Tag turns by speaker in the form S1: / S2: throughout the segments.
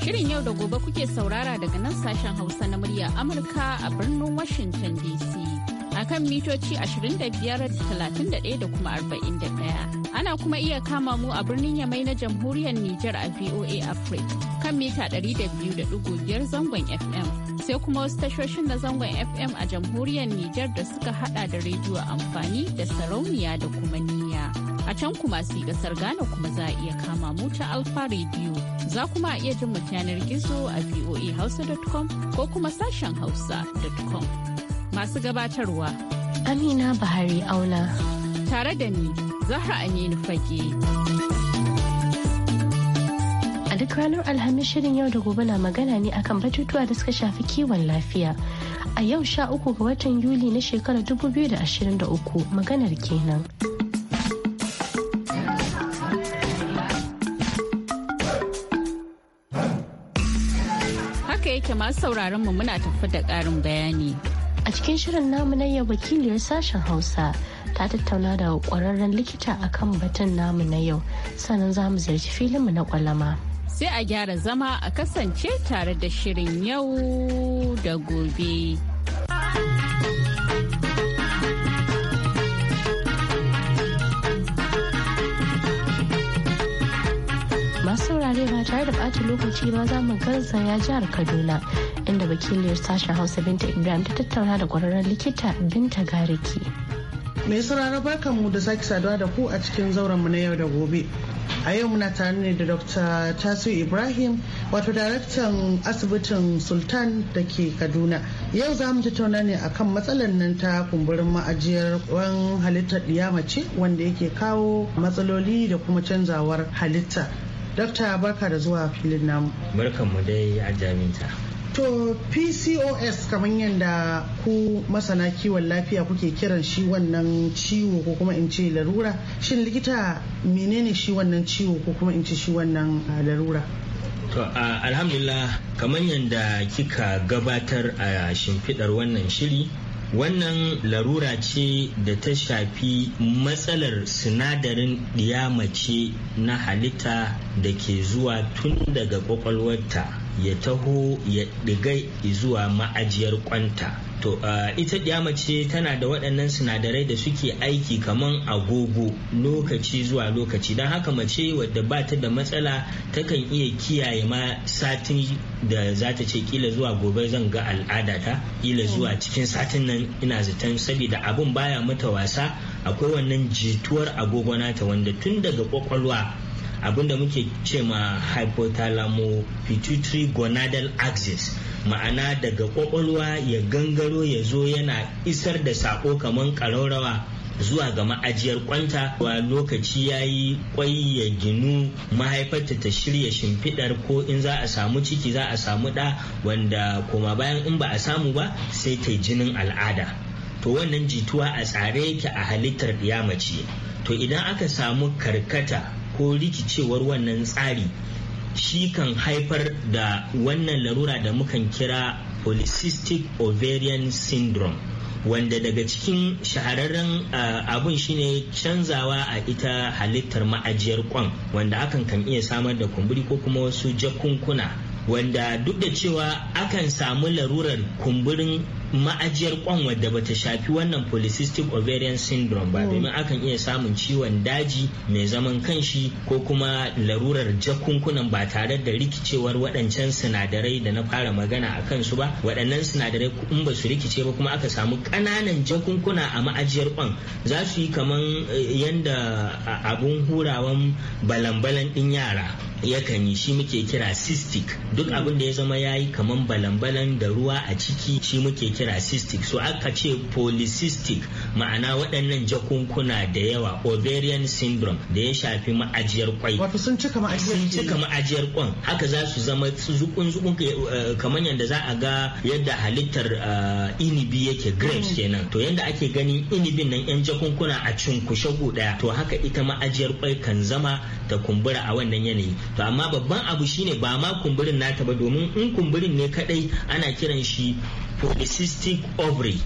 S1: Shirin yau da gobe kuke saurara daga nan sashen Hausa na murya Amurka a birnin Washington DC. A kan mitoci 25,31 da kuma 41. Ana kuma iya kama mu a birnin Yamai na Jamhuriyar Nijar a VOA Africa kan mita 200.5 zangon FM. sai kuma wasu tashoshin na zangon FM a jamhuriyar Nijar da suka hada da rediyo amfani da sarauniya da kuma ni. A can kuma su ƙasar Ghana kuma za a iya kama mu ta Alfa Radio. Za kuma a iya jin mu yanar gizo a voahausa.com ko kuma sashen hausa.com. Masu gabatarwa. Amina Bahari Auna. Tare da ni, Zahra Aminu Fage.
S2: a duk ranar alhamis shirin yau da gobe na magana ne akan batutuwa da suka shafi kiwon lafiya a yau sha uku ga watan yuli na shekarar 2023 maganar kenan.
S1: masu sauraron mu muna tafi da ƙarin bayani. A cikin
S2: shirin namu na yau wakiliyar sashen Hausa ta tattauna da ƙwararren likita akan batun namu na yau sannan za mu ziyarci filinmu na kwalama.
S1: Sai a gyara zama a kasance tare da shirin yau da gobe.
S2: yau ba tare da bata lokaci ba za mu garzaya jihar kaduna inda wakiliyar sashen hausa binta ibrahim ta tattauna da kwararren likita binta gariki
S3: mai sauraro barkan mu da sake saduwa da ku a cikin zauren mu na yau da gobe a yau muna tare ne da dr tasiu ibrahim wato daraktan asibitin sultan da ke kaduna yau za mu tattauna ne akan matsalar nan ta kumburin ma'ajiyar wan halittar ɗiyamace wanda yake kawo matsaloli da kuma canzawar halitta Dokta barka da zuwa filin namu.
S4: mu dai a jaminta.
S3: To PCOS kamar yadda ku masana kiwon lafiya kuke kiran shi wannan ciwo ko kuma in ce larura. Shin likita menene shi wannan ciwo ko kuma in ce shi wannan ah, larura?
S4: To alhamdulillah kamar yadda kika gabatar a shimfidar wannan shiri wannan larura ce da ta shafi matsalar sinadarin ɗiyamace na halitta da ke zuwa tun daga kwakwalwarta ya taho ya ɗiga zuwa ma'ajiyar kwanta to ita ɗiya mace tana da waɗannan sinadarai da suke aiki kaman agogo lokaci zuwa lokaci don haka mace wadda ba ta da matsala takan iya kiyaye ma satin da za ta ce kila zuwa gobe zan ga al'adata kila zuwa cikin satin nan ina zaton saboda abin baya mata wasa akwai wannan jituwar agogo nata wanda tun daga kwakwalwa abinda muke ce ma hypothalamo pituitary gonadal axis ma'ana daga kwakwalwa ya gangaro ya zo yana isar da sako kamar ƙararrawa zuwa ga ma'ajiyar kwanta wa lokaci ya yi kwai ya ginu mahaifarta ta shirya shimfiɗar ko in za a samu ciki za a samu ɗa wanda koma bayan in ba a samu ba sai ta jinin al'ada to wannan jituwa a tsare yake a halittar diyamaci to idan aka samu karkata ko rikicewar wannan tsari shi kan haifar da wannan larura da mukan kira polycystic ovarian syndrome wanda daga cikin shahararren ah, abun shine canzawa a ita halittar ma'ajiyar kwan wanda akan kan iya samar da kumburi ko kuma wasu jakunkuna wanda duk da cewa akan samu larurar kumburin ma'ajiyar kwan wadda bata shafi wannan polycystic ovarian syndrome ba hmm. domin akan iya samun ciwon daji mai zaman kanshi ko kuma larurar jakunkunan ba tare da rikicewar waɗancan sinadarai da na fara magana a kansu ba waɗannan sinadarai in ba su rikice ba kuma aka samu ƙananan jakunkuna a ma'ajiyar kwan za su yi kaman eh, yanda abun hurawan balambalan ɗin yara yakan yi shi muke kira cystic duk abin da ya zama ya yi kaman balambalan da ruwa a ciki shi muke kira cystic so aka ce polycystic ma'ana waɗannan jakunkuna da yawa ovarian syndrome da ya shafi ma'ajiyar kwai wato sun cika ma'ajiyar sun cika ma'ajiyar kwan haka za su zama zukun zukun eh, kamar yadda za a ga yadda halittar eh, inibi yake grapes mm. kenan to yadda ake ganin inibin nan yan jakunkuna a cunkushe guda to haka ita ma'ajiyar kwai kan zama ta kumbura a wannan yanayi to amma babban abu shine ba ma kumburin nata ba domin in kumburin ne kadai ana kiran shi polycystic ovary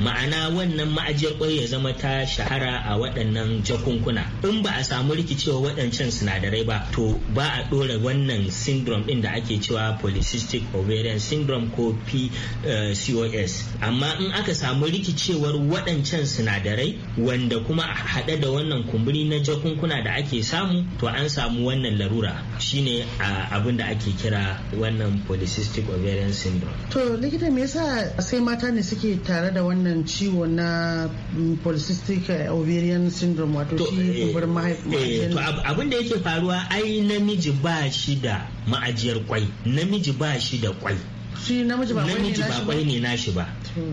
S4: ma'ana wannan ma'ajiyar kwai ya zama ta shahara a waɗannan jakunkuna in ba a samu rikicewa waɗancan sinadarai ba to ba a ɗora wannan syndrome ɗin da ake cewa polycystic ovarian syndrome ko pcos eh, amma in aka samu rikicewar waɗancan sinadarai wanda kuma a haɗe da wannan kumburi na jakunkuna da ake samu to an samu wannan larura shine abin da ake kira wannan polycystic ovarian syndrome
S3: to likita me yasa sai mata ne suke tare da wannan wannan ciwo na mm, polycystic eh, ovarian syndrome wato shi kumburin eh, eh,
S4: mahaifa abin da yake faruwa ai namiji ba shi da ma'ajiyar kwai namiji ba shi da kwai
S3: namiji ba kwai
S4: ne nashi ba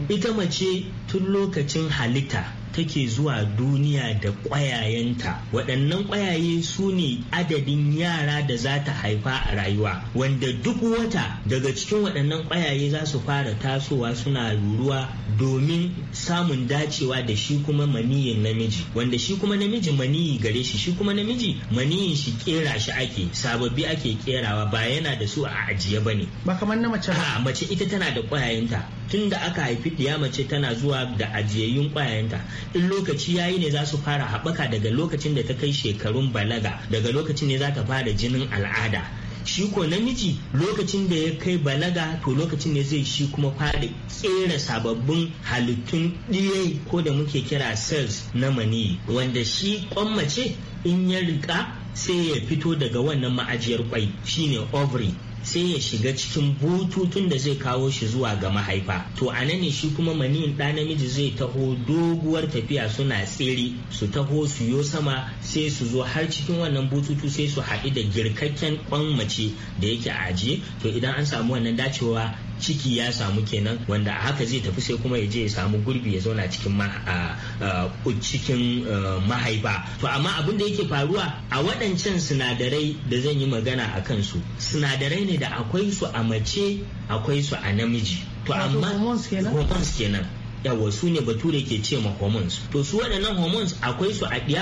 S4: ita mace tun lokacin halitta take zuwa duniya da ƙwayayenta waɗannan ƙwayaye su ne adadin yara da za ta haifa a rayuwa wanda duk wata daga cikin waɗannan ƙwayaye za su fara tasowa suna ruruwa domin samun dacewa da shi kuma maniyin namiji wanda shi kuma namiji maniyi gare shi shi kuma namiji maniyin shi kera shi ake sababbi ake kerawa ba yana da su a ajiye ba ne ba kamar na mace ba mace ita tana da ƙwayayenta tun da aka haifi ɗiya mace tana zuwa da ajiyayyun ƙwayayenta in lokaci yayi ne za su fara haɓaka daga lokacin da ta kai shekarun balaga daga lokacin ne za ta fara jinin al'ada shi ko namiji lokacin da ya kai balaga to lokacin ne zai shi kuma fara kera sababbin halittun DNA ko da muke kira cells na mani wanda shi kwammace in ya rika sai ya fito daga wannan ma'ajiyar kwai shine ovary sai ya shiga cikin bututun da zai kawo shi zuwa ga mahaifa to a nan ne shi kuma maniyin ɗa namiji zai taho doguwar tafiya suna tsere su taho su yo sama sai su zo har cikin wannan bututu sai su haɗu da girkakken kwan mace da yake ajiye to idan an samu wannan dacewa ciki ya samu kenan wanda a haka zai tafi sai kuma ya je ya samu gurbi ya zauna cikin cikin e, mahaifa to amma abin da yake faruwa a waɗancan sinadarai da zan yi magana a kansu sinadarai ne da akwai su a mace akwai su a namiji to amma kenan yawa su ne bature ke ce ma hormones to su waɗannan hormones akwai su a ɗiya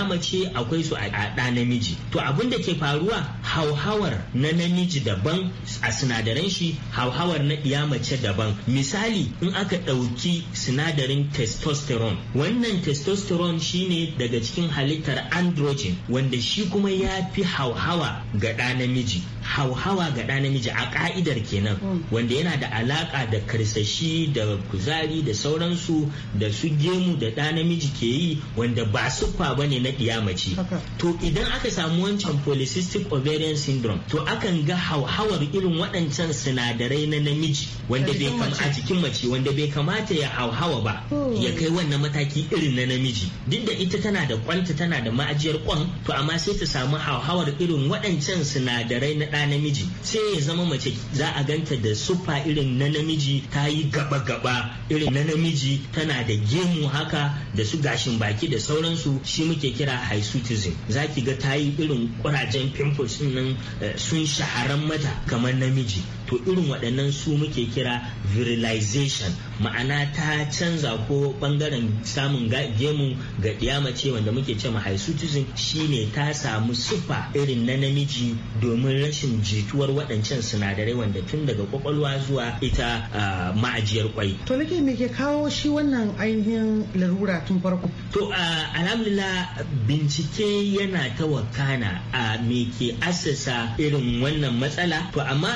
S4: akwai su a ɗa namiji to abin da ke faruwa hauhawar na namiji daban a sinadaran shi hauhawar na ɗiya daban misali in aka ɗauki sinadarin testosterone wannan testosterone shine daga cikin halittar androgen wanda shi kuma ya fi hauhawa ga ɗa namiji hauhawa ga ɗa namiji a ka'idar kenan hmm. wanda yana da alaƙa da karsashi da kuzari da sauransu da su gemu da ɗa namiji ke yi wanda ba siffa ba ne na ɗiyamaci to idan aka samu wancan polycystic ovarian syndrome to akan ga hauhawar irin waɗancan sinadarai na namiji wanda bai a jikin mace wanda bai kamata ya hauhawa ba hmm. ya kai wannan mataki irin na namiji duk da ita tana da kwanta tana da ma'ajiyar kwan to amma sai ta samu hauhawar irin waɗancan sinadarai na ɗa namiji sai ya zama mace za a ganta da siffa irin na namiji ta yi gaba-gaba irin na namiji tana da gemu haka da su gashin baki da sauransu shi muke kira hirsutism za ki ga ta yi irin kurajen pimples nan eh, sun shaharan mata kamar namiji to irin waɗannan su muke kira virilization ma'ana ta canza ko ɓangaren samun gemu ga ɗiya mace wanda muke cewa ma hirsutism shine ta samu siffa irin na namiji domin rashin rashin jituwar waɗancan sinadarai wanda tun daga kwakwalwa zuwa ita ma'ajiyar kwai. To nake me ke kawo shi wannan ainihin larura tun farko? To alhamdulillah bincike yana ta wakana a me ke assasa irin wannan matsala to amma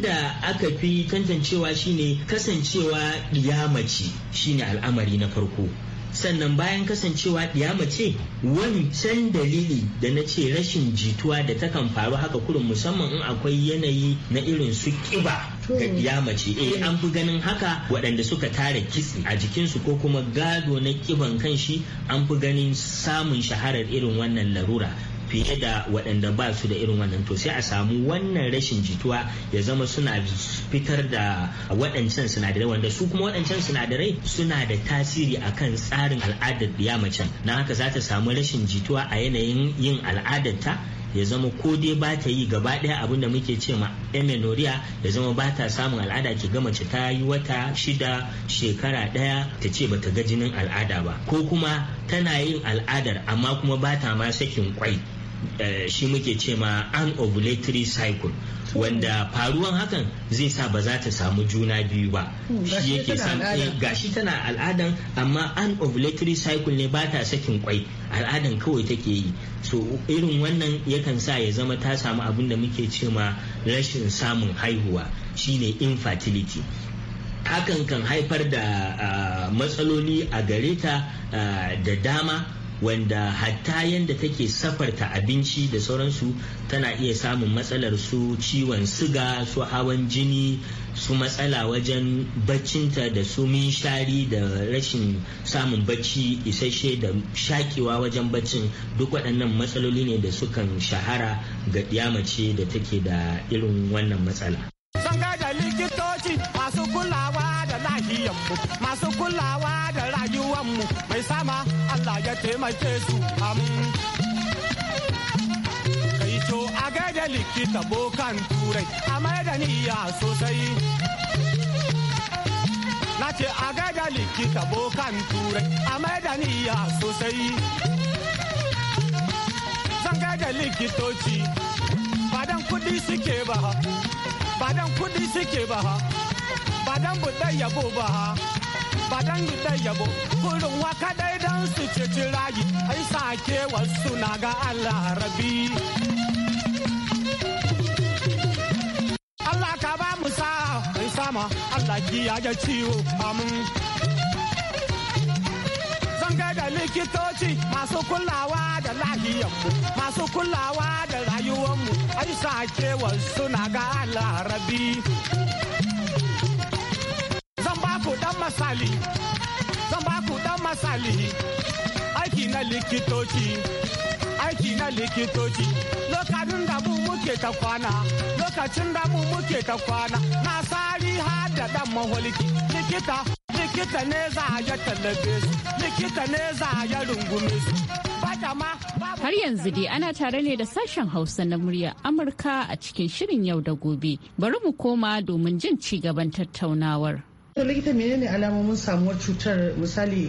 S4: da aka fi tantancewa shine kasancewa ɗiyamaci shine al'amari na farko sannan bayan kasancewa ɗiyama ce wancan dalili da na ce rashin jituwa da ta kan faru haka kurin musamman in akwai yanayi na irin su ƙiba ga ɗiyama ce eh an fi ganin haka waɗanda suka tara kitse a jikinsu ko kuma gado na kiban kanshi an fi ganin samun shaharar irin wannan larura fiye da waɗanda ba su da irin wannan to sai a samu wannan rashin jituwa ya zama suna fitar da waɗancan sinadarai wanda su kuma waɗancan sinadarai suna da tasiri akan tsarin al'adar macen na haka za ta samu rashin jituwa a yanayin yin al'adarta ya zama ko dai ba ta yi gaba ɗaya abin da muke ce ma emenoria ya zama ba ta samun al'ada ke ga mace ta yi wata shida shekara ɗaya ta ce ba ta ga jinin al'ada ba ko kuma tana yin al'adar amma kuma ba ta ma sakin kwai Eh, shi muke ce ma an ovulatory cycle wanda faruwan hakan zai sa ba za ta samu juna biyu ba hmm, shi yake eh, gashi tana al'adan amma an ovulatory cycle ne ba ta sakin kwai al'adan kawai take yi so irin wannan yakan sa ya zama ta samu abin da muke ce ma rashin samun haihuwa shine infertility hakan kan haifar da ah, matsaloli a gare ta ah, da dama wanda hatta yadda take safarta abinci da sauransu tana iya samun matsalar su ciwon siga su hawan jini su matsala wajen baccinta da su minshari da rashin samun bacci isasshe da shakewa wajen baccin duk waɗannan matsaloli ne da sukan shahara ga mace da take da irin wannan matsala.
S5: da likitoci masu kulawa da masu kulawa mai sama Allah ya taimake su amin. Kai to a gaida likita bokan turai a da niyya sosai. Na ce a gaida likita bokan turai a da niyya sosai. Zan gaida likitoci badan kudi suke ba badan kudi suke ba badan budan yabo ba ba dangi da yabo kurun wa dai don su ceci rayi ai sake wasu na ga Allah Rabi. Allah ka ba mu sa mai sama Allah ki ya ciwo amin da likitoci masu kulawa da lahiyanmu masu kulawa da mu, ai sake wasu na ga Allah Rabi. baku dan misali zan baku dan misali aiki na likitoci aiki na likitoci lokacin da mu muke ta kwana lokacin da mu muke ta kwana na sari har da dan maholiki likita likita ne za a ya tallabe su likita ne za a ya rungume su
S1: Har yanzu dai ana tare ne da sashen Hausa na murya Amurka a cikin shirin yau da gobe. Bari mu koma domin jin ci gaban tattaunawar.
S3: to likita menene alamomin samuwar cutar misali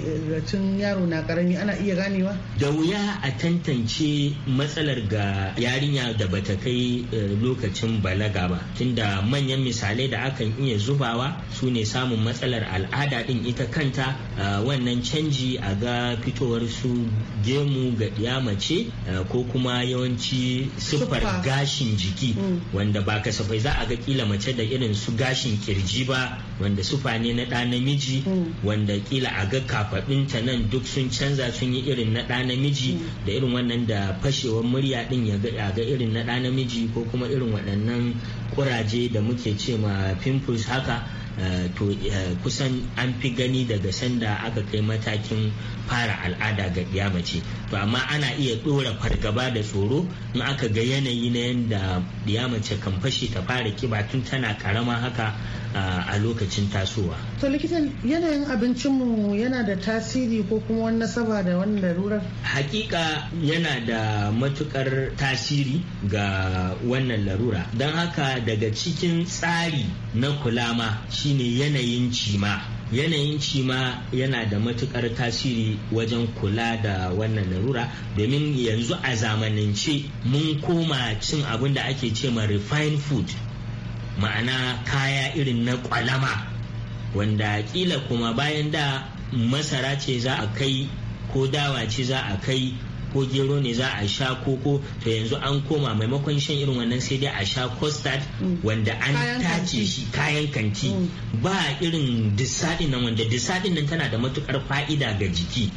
S3: tun yaro na karami ana iya ganewa
S4: da wuya a tantance matsalar ga yarinya da bata kai eh, lokacin balaga ba tunda manyan misalai da akan iya zubawa su ne samun matsalar al'ada din ita kanta wannan canji a ga fitowar su gemu ga ɗiya mace ko kuma yawanci siffar gashin jiki mm. wanda ba kasafai za a ga kila mace da irin su gashin kirji ba wanda sufa mutane na ɗa namiji mm. wanda kila a ga kafaɗinta nan duk sun canza sun yi irin na ɗa namiji mm. da irin wannan da fashewar murya ɗin ya ga irin na ɗa namiji ko kuma irin waɗannan kuraje da muke ce ma pimples haka Eh, to eh, kusan an fi gani daga sanda aka kai matakin fara al'ada ga ɗiyamace to amma ana iya ɗora fargaba da tsoro in aka ga yanayi na yadda ɗiyamace kan fashe ta fara kiba tun tana karama haka eh, a lokacin tasowa
S3: to likitan yanayin abincinmu yana da tasiri ko kuma wani nasaba da wani
S4: larurar hakika yana da matukar tasiri ga wannan larura don haka daga cikin tsari na kulama shine yanayin cima yanayin cima yana da matukar tasiri wajen kula da wannan larura domin yanzu a zamanance mun koma cin abin da ake ce ma refined food ma'ana kaya irin na kwalama wanda kila kuma bayan da masara ce za a kai ko dawa ce za a kai ko gero ne za a sha koko to yanzu an koma maimakon shan irin wannan sai dai a sha custard wanda an tace shi kayan kanti mm. ba irin disadin nan wanda disadin nan tana da matukar fa'ida ga jiki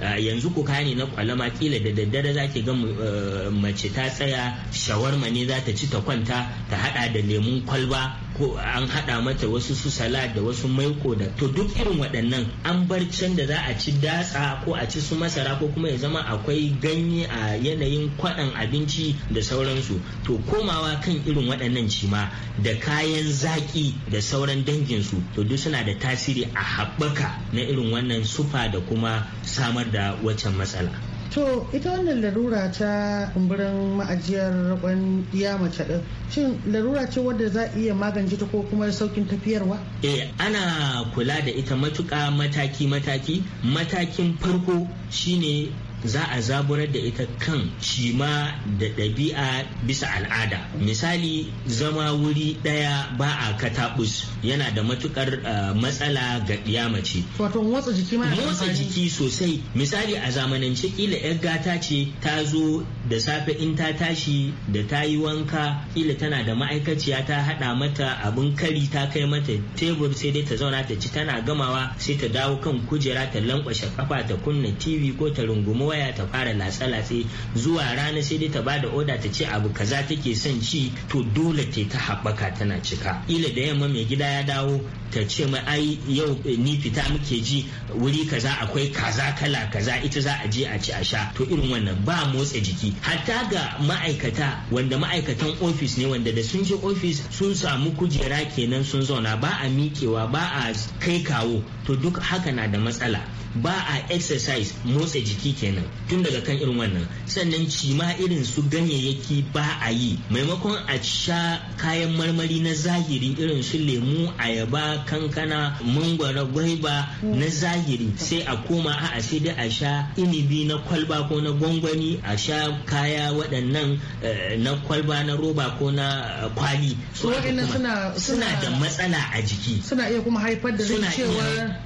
S4: Uh, yanzu kaya ne na kwalama kila da daddare za ki ga eh, mace ta tsaya shawarma ne za ta ci ta kwanta ta hada da lemun kwalba ko an haɗa mata wasu su salad da wasu maiko da to duk irin waɗannan an bar can da za a ci datsa ko a ci su masara ko kuma ya zama akwai ganye a yanayin kwaɗan abinci da sauransu to komawa kan irin waɗannan cima da kayan zaƙi da sauran danginsu to duk suna da tasiri a haɓaka na irin wannan sufa da kuma samar da waccan matsala.
S3: to ita wannan larura ta kumburin ma'ajiyar rabon iya mace din shin larura ce wadda za a iya magance ta ko kuma saukin tafiyarwa
S4: eh ana kula da ita matuƙa mataki mataki matakin farko shine za a zaburar da ita kan shima da ɗabi'a bisa al'ada misali zama wuri ɗaya ba a katabus yana da matukar eh, matsala ga ɗiyamace
S3: wato motsa jiki ma motsa
S4: jiki sosai misali a zamanance kila yar gata ce ta zo da safe in ta tashi da ta yi wanka kila tana da ma'aikaciya ta haɗa mata abin kari ta kai mata tebur sai dai ta zauna ta ci tana gamawa sai ta dawo kan kujera ta lankwashe kafa ta kunna tv ko ta rungumi waya ta fara latsa-latsa zuwa rana sai dai ta bada oda ta ce abu kaza take son ci to dole ta haɓaka tana cika ila da yamma mai gida ya dawo ta ce mai ai yau eh, ni fita muke ji wuri kaza akwai kaza kala kaza ita za a je a ci a sha to irin wannan ba motsa jiki hatta ga ma'aikata wanda ma'aikatan ofis ne wanda da sun je ofis sun samu kujera kenan sun zauna ba a miƙewa ba a kai kawo to duk haka na da matsala ba a exercise motsa jiki kenan tun daga kan irin wannan sannan cima irin su ganyayyaki ba a yi maimakon a sha kayan marmari na zahiri irin su lemu ayaba kankana mangwaro gwaiba na zahiri sai a koma a ashe da a sha inibi na kwalba ko na gwangwani a sha kaya waɗannan eh, na kwalba na roba ko na eh, kwali
S3: suna da
S4: matsala a jiki
S3: suna iya kuma haifar da zai cewa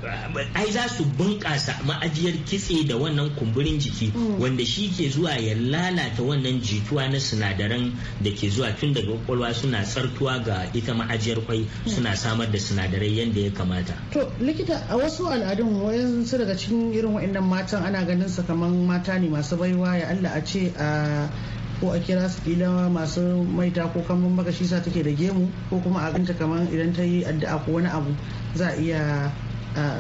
S4: ai za su bunƙasa ma'ajiyar kitse da wannan kumburin jiki hmm. wanda shi ke zuwa ya lalata wannan jituwa na sinadaran da ke zuwa tun daga kwakwalwa suna tsartuwa ga ita ma'ajiyar kwai hmm. suna samar da sinadarai sinadarai yadda ya kamata
S3: to likita a wasu al'adun wayansu daga cikin irin wa'annan matan ana ganin su kamar mata ne masu baiwa ya Allah a ce a ko a kira su kila masu maita ko kamar makashi sa take da gemu ko kuma a ganta kamar idan ta yi addu'a ko wani abu za a iya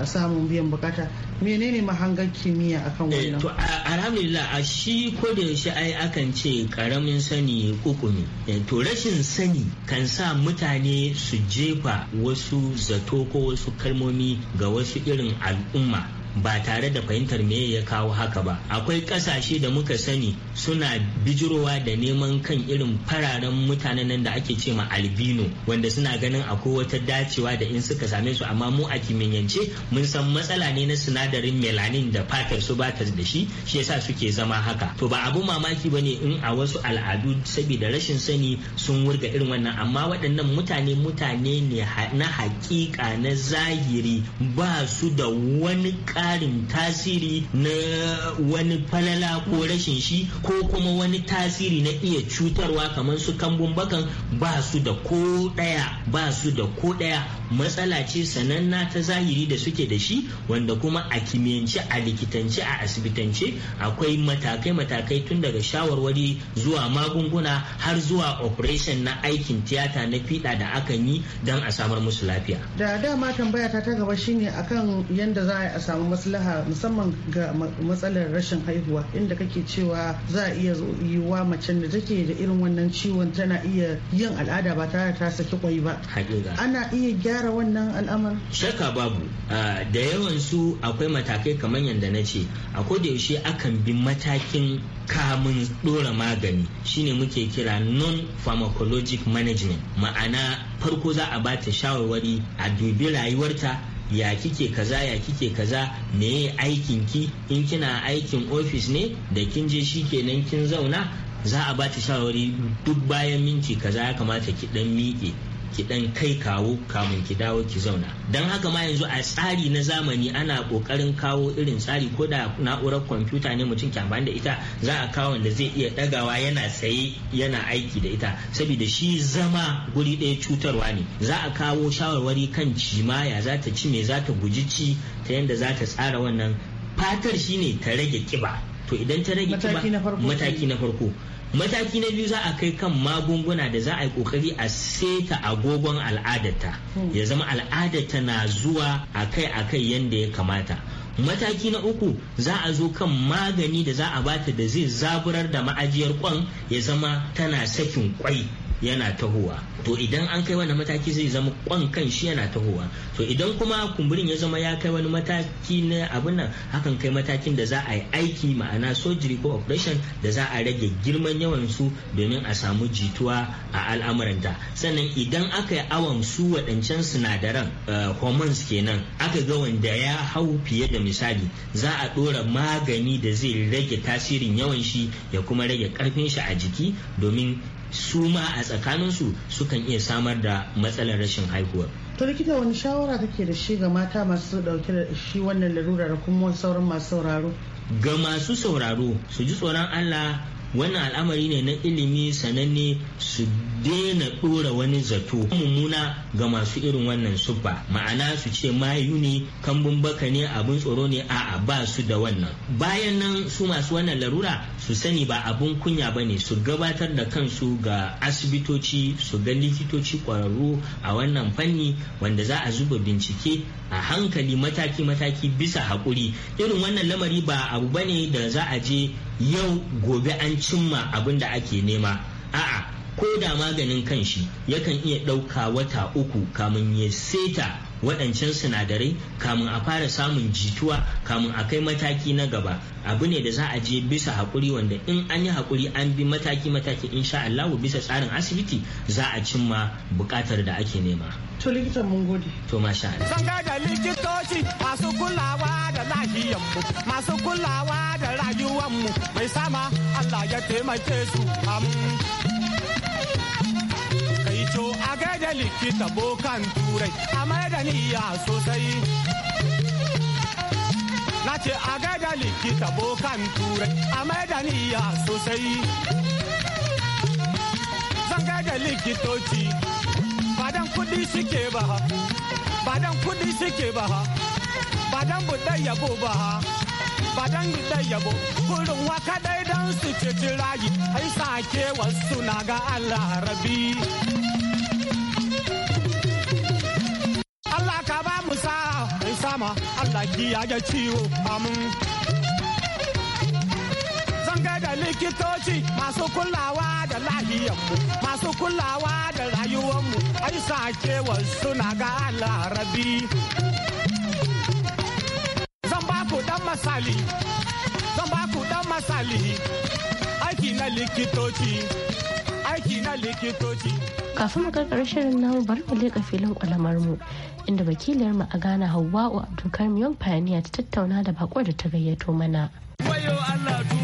S3: samun biyan bukata menene mahangar kimiyya akan eh, wannan to
S4: alhamdulillah a shi ko da yaushe ai akan ce karamin sani hukumi eh, to rashin sani kan sa mutane su jefa wasu zato ko wasu kalmomi ga wasu irin al'umma ba tare da fahimtar me ya kawo haka ba akwai kasashe da muka sani suna bijirowa da neman kan irin fararen mutanen nan da ake ce ma albino wanda suna ganin akwai wata dacewa da in suka same su amma mu a kimiyyance mun san matsala ne na sinadarin melanin da fatar su ba ta da shi shi yasa suke zama haka to ba abu mamaki bane in a wasu al'adu saboda rashin sani sun wurga irin wannan amma waɗannan mutane mutane ne na hakika na zahiri ba su da wani ka ƙarin tasiri na wani falala ko rashin shi ko kuma wani tasiri na iya cutarwa kamar su kambun bakan ba su da ko ɗaya ba su da ko ɗaya matsala ce sananna ta zahiri da suke da shi wanda kuma a kimiyyance a likitance a asibitance akwai matakai-matakai tun daga shawarwari zuwa magunguna har zuwa operation na aikin tiyata na fiɗa da akan yi don a samar musu lafiya.
S3: Da dama tambaya ta ta gaba shine akan yadda za a samu maslaha musamman ga matsalar rashin haihuwa inda kake cewa za a iya yiwuwa macen da take da irin wannan ciwon tana iya
S4: yin al'ada ba tare ta saki kwai ba
S3: ana iya gyara wannan al'amar
S4: shaka babu da yawan su akwai matakai kamar yadda na ce a yaushe akan bi matakin kamun dora magani shine muke kira non pharmacologic management ma'ana farko za a bata shawarwari a dubi rayuwarta ya kike kaza ya kike kaza me ya aikin ki in kina aikin ofis ne da kin je shi kenan kin zauna za a ba ta shawari duk bayan minti kaza ya kamata ki dan miƙe ki dan kai kawo kamun ki dawo ki zauna dan haka ma yanzu a tsari na zamani ana kokarin kawo irin tsari ko da na'urar kwamfuta ne mutum ke amfani da ita za a kawo wanda zai iya dagawa yana tsaye yana aiki da ita saboda shi zama guri ɗaya cutarwa ne za a kawo shawarwari kan cimaya za ta ci me za ta guji ci ta yanda za ta tsara wannan fatar shine ta rage kiba to idan ta rage kiba mataki na farko mataki na biyu za a kai kan magunguna da za a yi kokari a seta agogon al'adata hmm. ya zama al'adata na zuwa akai akai yadda ya kamata mataki na uku za a zo kan magani da za a bata da zai zaburar da ma'ajiyar kwan ya zama tana sakin kwai yana tahowa to idan an kai wani mataki zai zama kwan kan shi yana tahowa to idan kuma kumburin ya zama ya kai wani mataki na abin nan hakan kai matakin da za a yi aiki ma'ana sojiri ko operation da za a rage girman yawan su domin a samu jituwa a al'amuranta sannan idan aka yi awon su waɗancan sinadaran eh, hormones kenan aka ga wanda ya hau fiye da misali za a ɗora magani da zai rage tasirin yawan shi ya kuma rage ƙarfin shi a jiki domin su ma a tsakaninsu sukan iya samar da matsalar rashin haihuwar.
S3: to likita wani shawara kake da shi ga mata masu dauke da shi wannan larura da kuma sauran masu sauraro
S4: ga masu sauraro su ji tsoron allah wannan al'amari ne na ilimi sananne su daina dora wani zato mummuna ga masu irin wannan suffa ma'ana su ce mayu ne kambun baka ne abun tsoro ne a'a ba su da wannan bayan nan su masu wannan larura su sani ba abun kunya ba ne su gabatar da kansu ga asibitoci su ga likitoci kwararru a wannan fanni wanda za a zuba bincike a hankali mataki-mataki bisa haƙuri irin wannan lamari ba abu ba ne da za a je yau gobe an cimma abin da ake nema a'a ko da maganin kan shi yakan iya ɗauka wata uku kamun ya seta waɗancan sinadarai kamun a fara samun jituwa kamun a kai mataki na gaba abu ne da za a je bisa haƙuri wanda in an yi haƙuri an bi mataki-mataki insha Allah bisa tsarin asibiti za a cimma buƙatar da ake nema.
S5: To likitan mun gode.
S4: To masha Allah.
S5: Zan da likitoci masu kulawa da lahiyanmu masu kulawa da rayuwanmu mai sama Allah ya taimake su to a gaida likita bokan turai a da ya sosai na ce a gaida likita bokan turai a da ya sosai zan gaida likitoci badan kudi suke ba ha badan kudi suke ba ha badan budai yabo ba ha badan budai yabo kurin waka dai dan su ce rayu ai sake wasu na ga Allah rabi. baki ya ga ciwo amin. Zanga da likitoci masu kulawa da lahiyanmu, masu kulawa da rayuwanmu, ai sakewar suna ga larabi. Zan ba ku dan masali, zan ba ku dan masali, aiki na likitoci. aiki na likitoci.
S2: Kafin mu karkar shirin namu bari mu leƙa filin kwalamar mu inda wakiliyar mu a Ghana Hawwa'u Abdulkarim Young Pioneer ta tattauna da bakwar da ta gayyato mana. Wayo Allah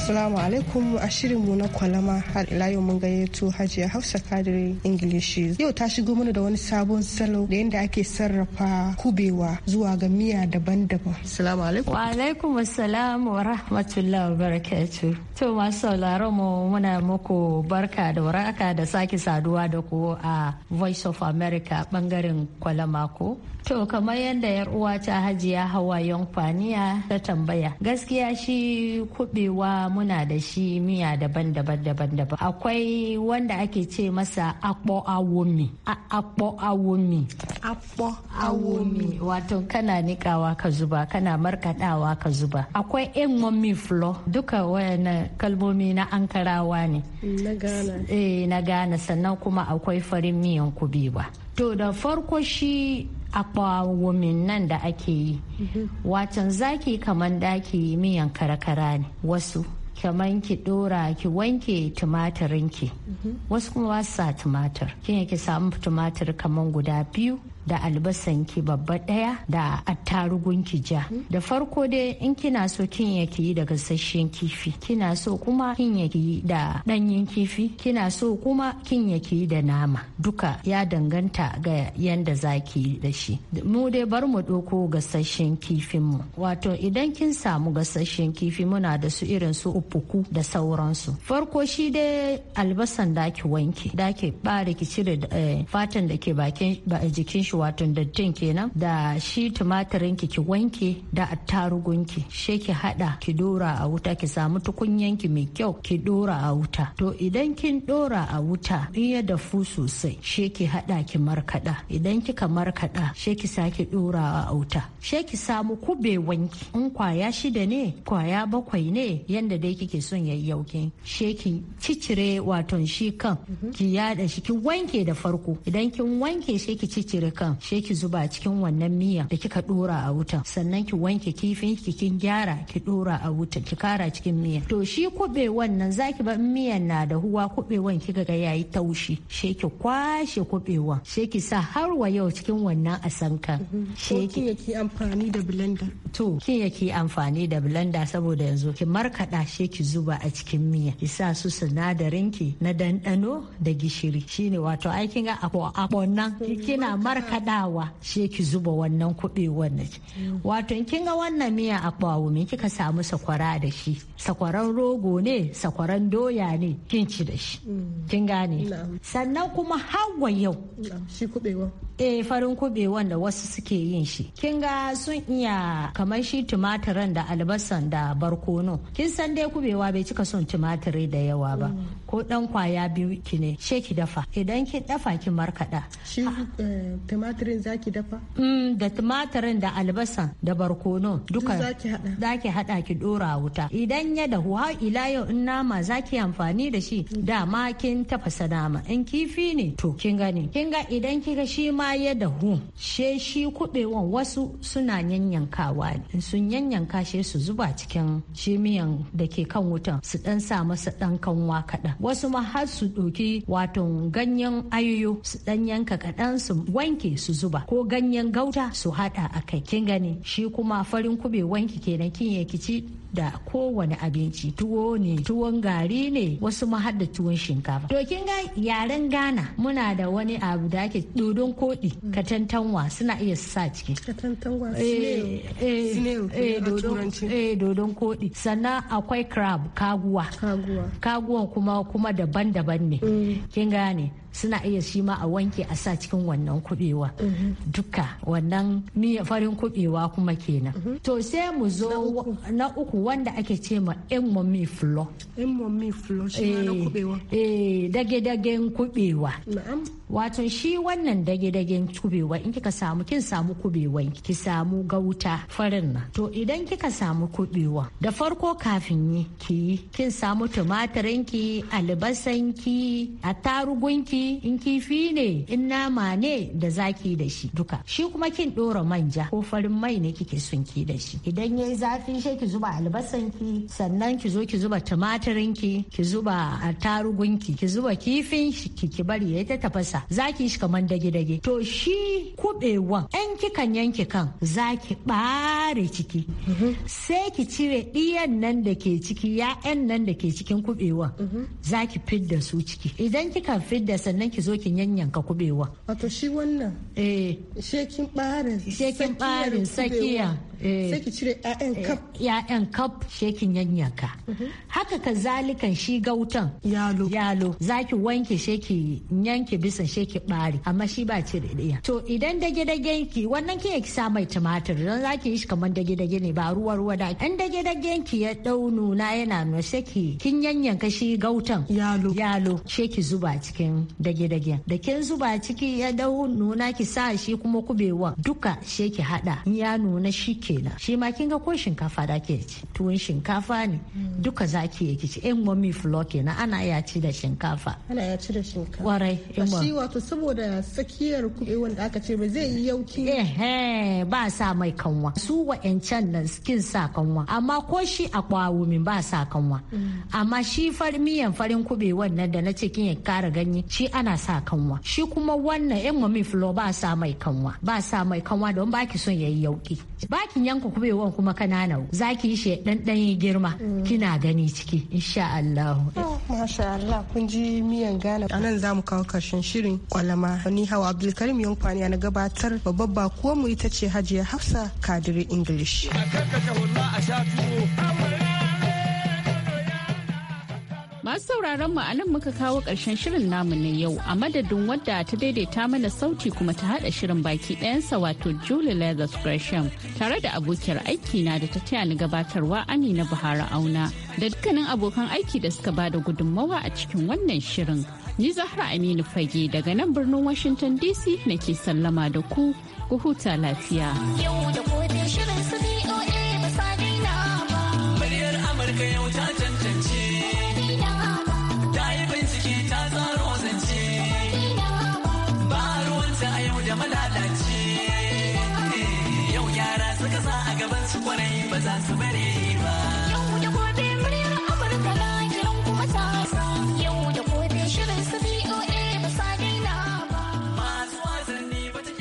S2: Assalamu alaikum a shirinmu na kwalama har ila yau mun gayyato Hajiya hausa Kadiri Ingilishi. Yau ta shigo mana da wani sabon salo
S6: da yadda ake sarrafa kubewa zuwa ga miya daban-daban. Assalamu alaikum. Wa alaikum assalam wa rahmatullahi wa barakatu. To masu sauraron mu muna muku barka da waraka da sake saduwa da ku a Voice of America bangaren kwalama ko. To kamar yadda yar uwa ta Hajiya Hawa yankwaniya ta tambaya. Gaskiya shi kubewa muna da shi miya daban-daban daban-daban akwai wanda ake ce masa akpo awomi akpo awomi akpo awomi wato kana nikawa ka zuba kana markadawa ka zuba akwai engomi flo duka wayannan kalmomi na ankarawa ne na gana eh na gana sannan kuma akwai farin miyan kubewa to da farko shi akwawomin nan da ake yi mhm. watan zaki kamar daki miyan karakara ne wasu kaman ki dora ki wanke tumatirinki ki mhm. wasu kuma sa tumatir kin ki samu tumatir kaman guda biyu da albasanki babba ɗaya da attarugun ki ja da farko dai in kina so kin ya ki yi da gasasshen kifi kina so kuma kin ya ki yi da ɗanyen kifi kina so kuma kin ya ki yi da nama duka ya danganta ga yanda zaki yi da shi mu dai bar mu doko gasasshen kifin mu wato idan kin samu gasasshen kifi muna da su irin su ufuku da sauransu farko shi dai albasan da ki wanke da ki ɓare ki cire eh, fatan da ke bakin jikin shi wato dattin kenan da shi tumatirin ki ki wanke da attarugun ki she ki hada ki dora a wuta ki samu tukunyan ki mai kyau ki dora a wuta to idan kin dora a wuta in ya dafu sosai she ki hada ki markada idan kika markada she ki sake dora a wuta she ki samu kube wanki in kwaya shida ne kwaya bakwai ne yanda dai kike son yayyaukin she ki cicire wato shi kan mhm. ki yada shi ki wanke da farko idan kin wanke she ki cicire dukan she ki zuba cikin wannan miya da kika dora a wuta sannan ki wanke kifin ki kin gyara ki dora a wuta ki kara cikin miya to shi kube wannan zaki ba miyan na da huwa kubewan kika ga yayi taushi she ki kwashe kubewa she ki sa har wa yau cikin wannan asanka mhm. she ki yake amfani da blender to kin yake amfani da blender saboda yanzu ki markada she ki zuba a cikin miya ki sa su sinadarin ki na dandano da gishiri shine wato aikin ga akwa akwa nan kina marka kadawa shi ki zuba wannan wannan na wato kin ga wannan miya a ɓawo min kika samu sakwara da shi sakwaran rogo ne sakwaran doya ne kin ci da shi mm. kin gane sannan kuma hawa yau shi kuɓewa eh farin kuɓewan da wasu suke yin shi kin ga sun iya kamar shi tumatirin da albasan da barkono kin san dai kuɓewa bai cika son tumatiri da yawa ba mm. ko dan kwaya biyu ki ne she dafa idan ki dafa ki markaɗa
S2: eh, tumatirin
S6: zaki dafa mm, da tumatirin da albasa da barkono duka zaki hada ki dora wuta idan ya dahu har ila yau in nama zaki amfani da shi da ma kin tafasa nama in kifi ne to kin gani kin ga idan kika shi ma ya dahu she shi kubewan wasu suna yanyankawa ne sun yanyanka she su zuba cikin shi miyan da ke kan wutan su dan sa masa dan kanwa kaɗan wasu ma har su ɗoki wato ganyen ayoyo su dan yanka kaɗan su wanke wanke su zuba ko ganyen gauta su hada a kai kin gani shi kuma farin wanki kenan kin ya ci da kowane abinci tuwo ne tuwon gari ne wasu ma har da tuwon shinkafa to kin ga yaren Ghana muna da wani abu da ake dodon kodi katantanwa suna iya sa ciki katantanwa eh eh, eh, eh dodon kodi sannan akwai crab kaguwa kaguwa kuma kuma daban-daban ne mm. kin gane suna iya shi ma a wanke a sa cikin wannan kubewa mm-hmm. duka wannan farin kubewa kuma kenan mm-hmm. to sai mu zo na uku wanda ake ce ma enmomi flo enmomi flo shi na eh, kubewa eh dage-dagen kubewa na'am wato shi wannan dage-dagen kubewa in kika samu kin samu kubewan ki samu gauta farin nan to idan kika samu kubewa da farko kafin yi ki kin samu tumatirin ki albasan ki attarugun ki in kifi ne in nama ne da zaki da shi duka shi kuma kin ɗora manja ko farin mai ne kike son ki da shi idan yayi zafi sai ki zuba albasan ki sannan ki zo ki zuba tumatirin ki zuba attarugunki ki zuba kifin ki ki bari ya ta tafasa zaki shi kaman dage-dage to shi kubewan ɗan kikan yanki kan zaki bare ciki mm-hmm. sai ki cire ɗiyan nan da ke ciki ya'yan nan da ke cikin kubewan mm-hmm. zaki fidda su ciki idan kika fidda sannan ki zo ki yanyanka kubewa wato shi wannan eh shekin barin shekin barin sakiya Eh. sai ki cire 'ya'yan eh, kaf ya'yan kaf shekin yanyanka mhm. haka ka zalikan shi gautan yalo yalo zaki wanke sheki yanke bisan sheki bari amma shi ba cire da to idan dage dagen ki wannan kin ki sa mai tumatir don zaki yi shi kamar dage dage ne ba ruwa ruwa da in dage dagen ki ya dau nuna yana nuna sheki kin yanyanka shi gautan yalo yalo sheki zuba cikin dage dage da kin zuba ciki ya dau nuna ki sa shi kuma kubewa duka sheki hada ya nuna shi kenan shi ma kin ga ko shinkafa da ke ci tuwon shinkafa ne mm. duka zaki yi kici in a flo kenan ana ya ci da shinkafa ana ya ci da shinkafa warai shi wato saboda tsakiyar kuɗi da aka ce ba zai yi yauki eh ba sa mai kanwa su wa'ancan nan skin sa kanwa amma ko shi a kwawo ba sa kanwa mm. amma shi miyan farin kubewan nan da na ce kin ya kara ganye shi ana sa kanwa shi kuma wannan in wami flo ba sa mai kanwa ba sa mai kanwa don baki son yayi yauki baki ku yanka kubewan kuma kanana za ki yi shi dan girma mm. kina gani ciki insha Allah
S2: oh, masha Allah kun ji miyan gana anan za mu kawo karshen shirin kwalama ni hawa Abdulkarim Yankwani na gabatar babbar ba ko mu ita ce Hajiya Hafsa Kadiri English
S5: a sha
S1: Masu sauraron mu anan muka kawo ƙarshen shirin namu na yau a madadin wadda ta daidaita mana sauti kuma ta haɗa shirin baki ɗayansa wato Julie Leathers Gresham tare da abokiyar aiki na da ta taya ni gabatarwa Amina Buhari Auna da dukkanin abokan aiki da suka bada gudunmawa a cikin wannan shirin. Ni Zahra Aminu Fage daga nan birnin Washington DC nake sallama da ku, ku huta lafiya.
S5: Yau da